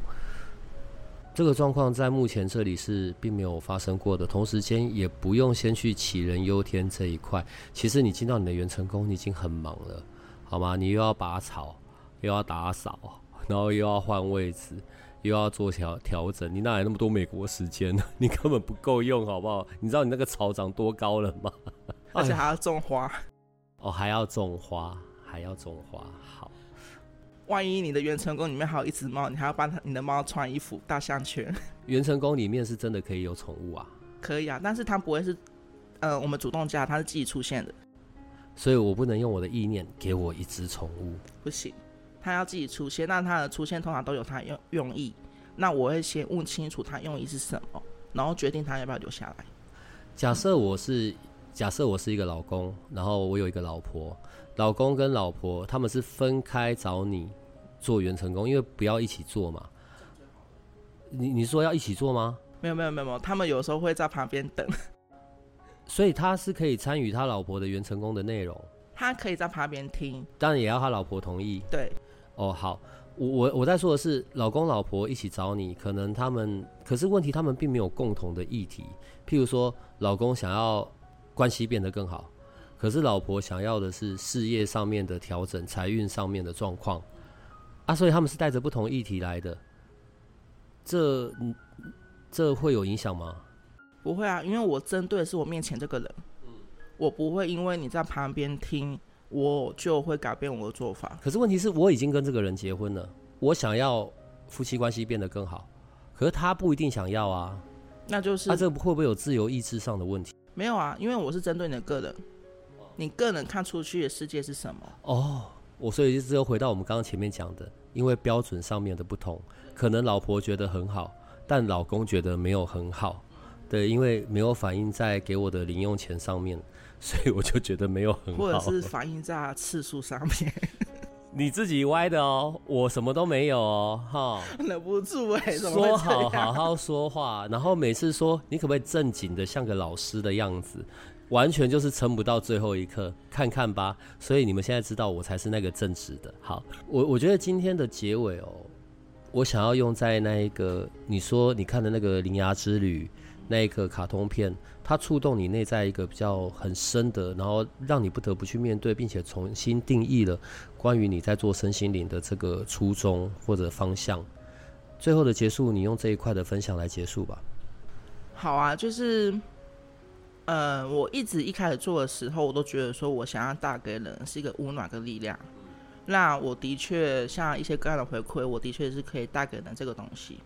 Speaker 1: 這個狀況在目前這裡是並沒有發生過的。同時間也不用先去杞人憂天這一塊。其實你進到你的元辰宮，你已經很忙了，好嗎？你又要拔草。又要打掃，然後又要換位置，又要做調調整。你哪來那麼多美國時間呢？你根本不夠用，好不好？你知道你那個草長多高了嗎？而且還要種花。哎、呀哦，還要種花，還要種花。好，
Speaker 2: 萬一你的元辰宮裡面還有一隻貓，你還要幫你的貓穿衣服、戴項圈。
Speaker 1: 元辰宮裡面是真的可以有寵物啊？
Speaker 2: 可以啊，但是它不會是，呃，我們主動加，它是自己出現的。
Speaker 1: 所以我不能用我的意念給我一隻寵物。
Speaker 2: 不行。他要自己出現，那他的出現通常都有他用用意。那我會先問清楚他用意是什麼，然
Speaker 1: 後決定他要不要留下來。假設我是，假設我是一個老公，然後我有一個老婆，老公跟老婆他們是分開找你做元辰宮，因為不要一起做嘛。你，你說要一起做嗎？
Speaker 2: 沒有沒有沒有，他們有時候會在旁邊等，
Speaker 1: 所以他是可以參與他老婆的元辰宮的內容，
Speaker 2: 他可以在旁邊聽，
Speaker 1: 當然也要他老婆同意。對。哦，oh, 好，我我我在說的是，老公老婆一起找你，可能他們，可是，問題他們並沒有共同的議題，譬如說，老公想要關係變得更好，可是老婆想要的是事業上面的調整，財運上面的狀況，啊，所以他們是帶着不同議題來的，這，這會有影響嗎？不會啊，因為我針對的是
Speaker 2: 我面前這個人，我不會因為你在旁邊聽。我就會改
Speaker 1: 變我的做法。可是問題是我已經跟這個人結婚了，我想要夫妻關係變得更好，可是他不一定想要啊。
Speaker 2: 那就是他、啊、這會
Speaker 1: 不會有自由意志上的問題？
Speaker 2: 沒有啊，因為我是針對你的個人，你個人看出去的世界是什麼？
Speaker 1: 哦，oh, 我所以就只有回到我們剛剛前面講的，因為標準上面的不同，可能老婆覺得很好，但老公覺得沒有很好。對，因為沒有反映在給我的零用錢上面。所以我就覺得沒有很好，或者是反映在次數上面。 <laughs> 你自己歪的哦、喔，我什麼都沒有哦、喔，哈。忍不住
Speaker 2: 哎、欸，說好怎麼樣好好
Speaker 1: 說話，然後每次說你可不可以正經的像個老師的樣子，完全就是撐不到最後一刻。看看吧，所以你們現在知道我才是那個正直的。好，我我覺得今天的結尾哦、喔，我想要用在那一個你說你看的那個《鈴芽之旅》那一個卡通片。它觸動你內在一個比較很深的，然後讓你不得不去面對，並且重新定義了關於你在做身心靈的這個初衷或者方向。最後的結束，你用這一塊的分享來結束吧。
Speaker 2: 好啊，就是，呃，我一直一開始做的時候，我都覺得說我想要帶給人是一個溫暖跟力量。那我的確像一些個案的回饋，我的確是可以帶給人這個東西。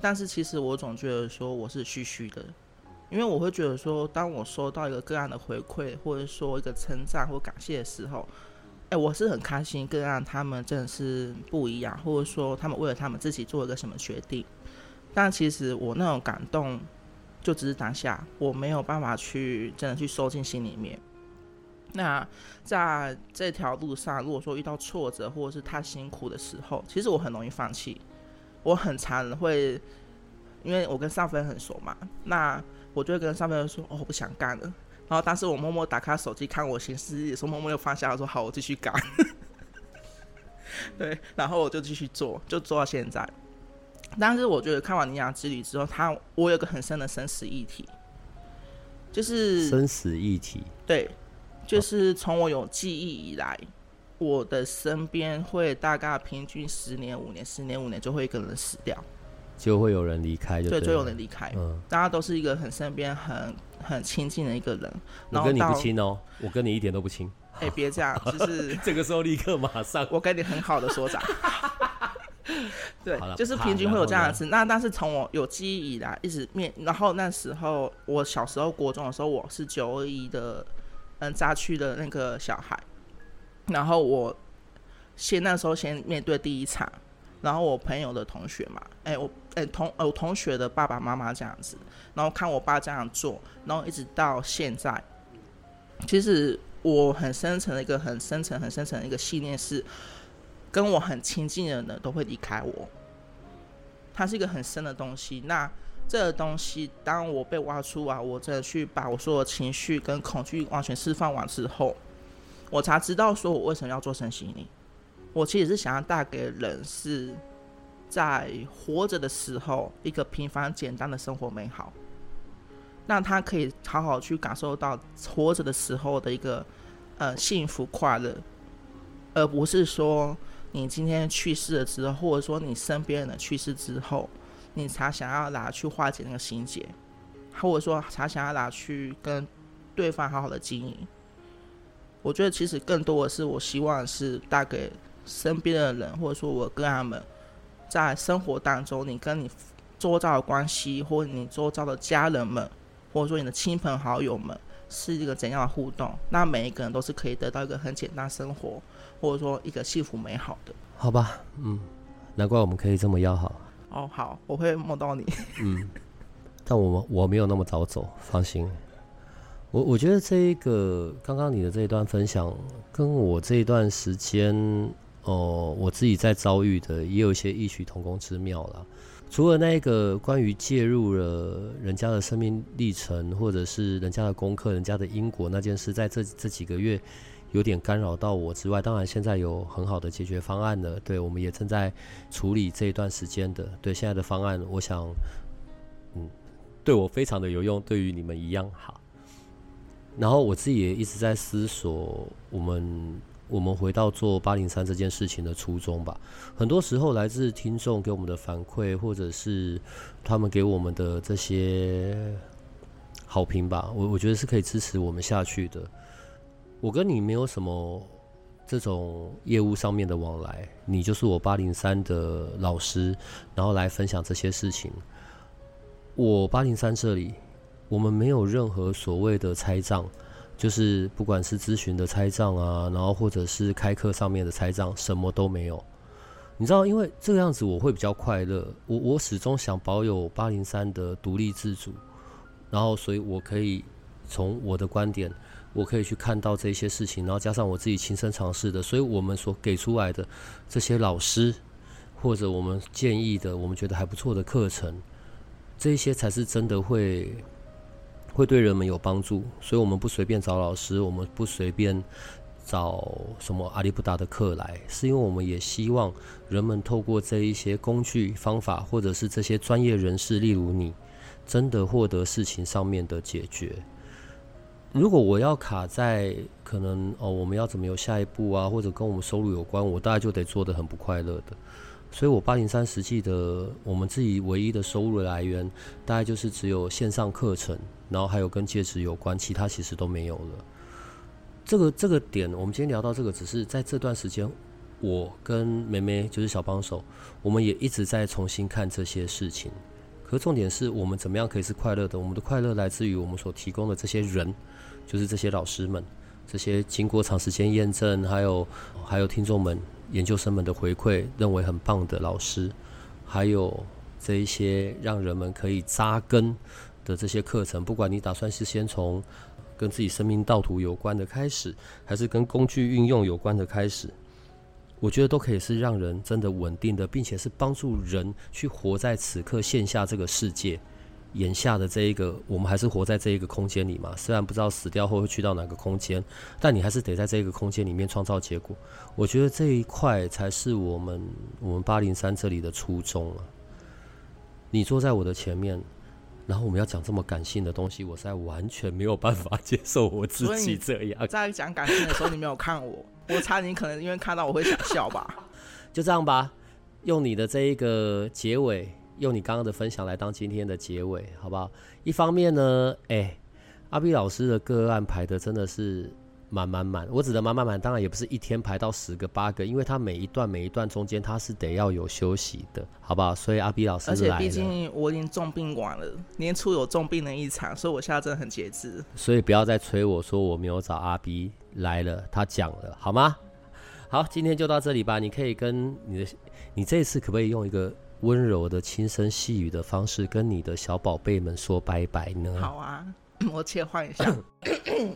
Speaker 2: 但是其實我總覺得說我是虛虛的。因為我會覺得說，當我收到一個個案的回饋，或者說一個稱讚或感謝的時候，哎、欸，我是很開心。個案他們真的是不一樣，或者說他們為了他們自己做了個什麼決定。但其實我那種感動，就只是當下，我沒有辦法去真的去收進心裡面。那在這條路上，如果說遇到挫折或者是太辛苦的時候，其實我很容易放棄。我很常會，因為我跟上芬很熟嘛，那。我就會跟上面說，哦，我不想幹了。然後當時我默默打開手機看我行事也說默默又放下，說好，我繼續幹。 <laughs> 對，然後我就繼續做，就做到現在。但是我覺得看完《你倆之旅》之後，他，我有個很深的生死議題，就是生
Speaker 1: 死議題。
Speaker 2: 對，就是從我有記憶以來，哦、我的身邊會大概平均十年五年，十年五年就會一個人死掉。
Speaker 1: 就會有人離開，對，對，就會有人離開。
Speaker 2: 嗯，大家都是一個很身邊、很很親近的一個人。然後，我跟你不親
Speaker 1: 哦、喔，我跟你一點都不親。
Speaker 2: 哎，別這樣，就是 <laughs> 這個時候立刻馬上，我跟你很好的所長。
Speaker 1: <laughs> <laughs> 對，的就是平均會有這樣
Speaker 2: 子。那但是從我有記憶以來，一直面。然後那時候我小時候國中的時候，我是九二一的，嗯，災區的那個小孩。然後我先那時候先面對第一場。然後我朋友的同學嘛，哎我哎同我、哦、同學的爸爸媽媽這樣子，然後看我爸這樣做，然後一直到現在，其實我很深層的一個很深層很深層的一個信念是，跟我很親近的人都會離開我，它是一個很深的東西。那這個東西當我被挖出啊，我真的去把我所有的情緒跟恐懼完全釋放完之後，我才知道說我為什麼要做身心靈。我其實是想要帶給人是在活着的時候一個平凡簡單的生活美好，讓他可以好好去感受到活着的時候的一個呃幸福快樂，而不是說你今天去世了之後，或者說你身邊人的去世之後，你才想要拿去化解那個心結，或者說才想要拿去跟對方好好的經營。我覺得其實更多的是，我希望是帶給。身邊的人，或者說我跟他們，在生活當中，你跟你周遭的關係，或者你周遭的家人們，或者說你的親朋好友們，是一個怎樣的互動？那每一個人都是可以得到一個很簡單生活，或者說一個幸福美好的。
Speaker 1: 好吧，嗯，難怪我們可以這麼要好。哦，好，我會夢到你。嗯，但我我沒有那麼早走，放心。我我覺得這一個剛剛你的這一段分享，跟我這一段時間。哦，我自己在遭遇的也有一些異曲同工之妙啦。除了那個關於介入了人家的生命歷程，或者是人家的功課、人家的因果那件事，在這這幾個月有點干擾到我之外，當然現在有很好的解決方案了。對，我們也正在處理這一段時間的對現在的方案，我想，嗯，對我非常的有用，對於你們一樣好。然後我自己也一直在思索我們。我們回到做八零三這件事情的初衷吧。很多時候來自聽眾給我們的反饋，或者是他們給我們的這些好評吧我，我我覺得是可以支持我們下去的。我跟你沒有什麼這種業務上面的往來，你就是我八零三的老師，然後來分享這些事情。我八零三這裡，我們沒有任何所謂的拆賬。就是不管是諮詢的拆賬啊，然後或者是開課上面的拆賬，什麼都沒有。你知道，因為這個樣子我會比較快樂。我我始終想保有八靈三的獨立自主，然後所以我可以從我的觀點，我可以去看到這些事情，然後加上我自己親身嘗試的，所以我們所給出來的這些老師或者我們建議的，我們覺得還不錯的課程，這些才是真的會。會對人們有幫助，所以我們不隨便找老師，我們不隨便找什麼阿里不達的課來，是因為我們也希望人們透過這一些工具、方法，或者是這些專業人士，例如你，真的獲得事情上面的解決。如果我要卡在可能哦，我們要怎麼有下一步啊，或者跟我們收入有關，我大概就得做得很不快樂的。所以我八靈三實際的，我們自己唯一的收入來源，大概就是只有線上課程。然後還有跟戒指有關，其他其實都沒有了。這個這個點，我們今天聊到這個，只是在這段時間，我跟梅梅就是小幫手，我們也一直在重新看這些事情。可重點是我們怎麼樣可以是快樂的？我們的快樂來自於我們所提供的這些人，就是這些老師們，這些經過長時間驗證，還有還有聽眾們、研究生們的回饋，認為很棒的老師，還有這一些讓人們可以扎根的這些課程，不管你打算是先從跟自己生命道途有關的開始，還是跟工具運用有關的開始，我覺得都可以是讓人真的穩定的，並且是幫助人去活在此刻現下這個世界，眼下的這一個，我們還是活在這一個空間裡嘛。雖然不知道死掉後會去到哪個空間，但你還是得在這個空間裡面創造結果。我覺得這一塊才是我們我們八靈三這裡的初衷啊。你坐在我的前面。然後我們要講這麼感性的東西，我實在完全沒有辦法接受我自己這樣。
Speaker 2: 在講感性的時候，你沒有看我， <laughs> 我猜你可能因為看到我會想
Speaker 1: 笑吧。就這樣吧，用你的這一個結尾，用你剛剛的分享來當今天的結尾，好不好？一方面呢，哎、欸，阿 B 老師的個案排的真的是。慢慢慢，我指的慢慢慢，當然也不是一天排到十個八個，因為他每一段每一段中間他是得要有休息的，好不好？所以阿 B 老師來了。而且畢
Speaker 2: 竟我已經重病完了，年初有重病的一場，所以我現在真的很節制。
Speaker 1: 所以不要再催我說我沒有找阿 B 來了，他講了，好嗎？好，今天就到這裡吧。你可以跟你的，你這次可不可以用一個溫柔的輕聲細語的方式跟你的小寶貝們說拜拜呢？好
Speaker 2: 啊，我切換一下。 <laughs>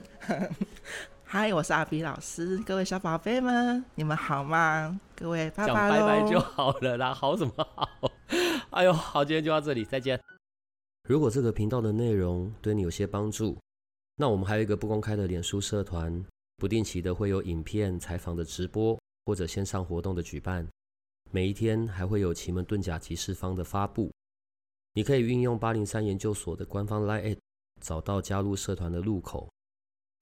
Speaker 2: <laughs> 嗨，Hi, 我是阿 B 老師，各位小寶貝們，你們好嗎？各位大家講拜拜就
Speaker 1: 好了啦，好什麼好？哎呦，好，今天就到這裡，再見。如果這個頻道的內容對你有些幫助，那我們還有一個不公開的臉書社團，不定期的會有影片、採訪的直播或者線上活動的舉辦。每一天還會有奇門遁甲及市方的發布，你可以運用八零三研究所的官方 LINE，找到加入社團的入口。